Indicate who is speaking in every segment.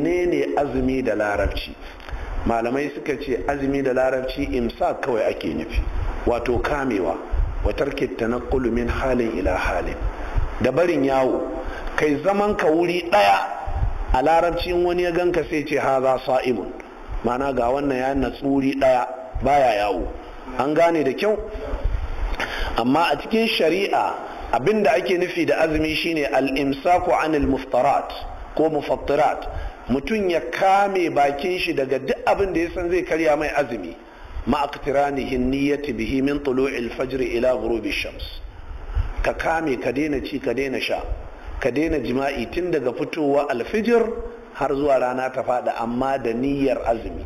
Speaker 1: menene azumi da larabci malamai suka ce azumi da larabci imsa kawai ake nufi wato kamewa wa tarki na kulumin halin ila halin da barin yawo kai zaman ka wuri daya a larabci wani ya ganka sai ce haza sa'imun mana ga wannan ya na tsuri daya baya yawo an gane da kyau amma a cikin shari'a abinda ake nufi da azumi shine al-imsaku anil muftarat ko mufattirat mutum ya kame bakin shi daga duk abin da ya san zai karya mai azumi ma aqtiranihin niyyati bihi min tulu'il fajr ila ghurubi shams ka kame ka daina ci ka daina sha ka daina jima'i tun daga fitowa alfijir har zuwa rana ta fada amma da niyyar azumi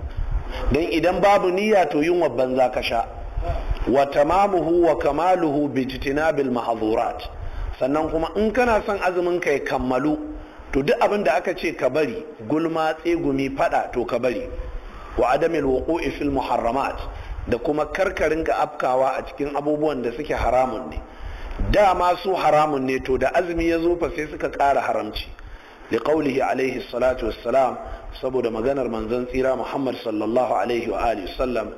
Speaker 1: don idan babu niyya to yunwa banza ka sha wa tamamuhu wa kamaluhu bi jitinabil sannan kuma in kana son azumin ka ya kammalu to duk abin da aka ce ka bari gulma tsegumi fada to ka bari wa adamil wuqu'i fil muharramat da kuma karkarin ga afkawa a cikin abubuwan da suke haramun ne dama su haramun ne to da azumi ya zo fa sai suka ƙara haramci li qawlihi alaihi salatu wassalam saboda maganar manzon tsira Muhammad sallallahu alaihi wa alihi sallam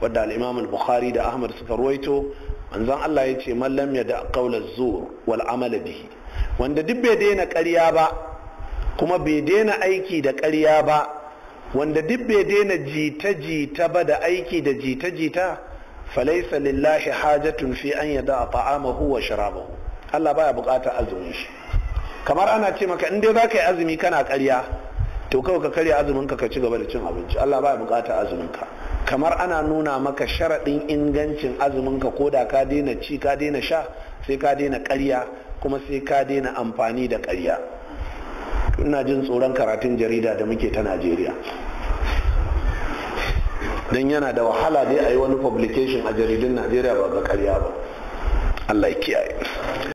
Speaker 1: wadda al al-Bukhari da Ahmad suka ruwaito manzon Allah ya ce man lam yada qawla zur wal amala bihi wanda duk bai daina ƙarya ba kuma bai daina aiki da ƙarya ba wanda duk bai daina jita-jita ba da aiki da jita-jita falaisa lillahi hajatun fi an yada a ta'amahu wa sharabahu Allah baya bukata azumin shi kamar ana ce maka in dai za ka yi azumi kana karya, to kawai ka karya azumin ka ci gaba da cin abinci Allah baya bukata azumin ka kamar ana nuna maka sharaɗin ingancin azumin ka da ka daina ci ka daina sha sai ka daina karya, kuma sai ka daina amfani da karya. ina jin tsoron karatun jarida da muke ta najeriya don yana da wahala dai a yi wani publication a jaridun najeriya ba ga karya ba allah ya kiyaye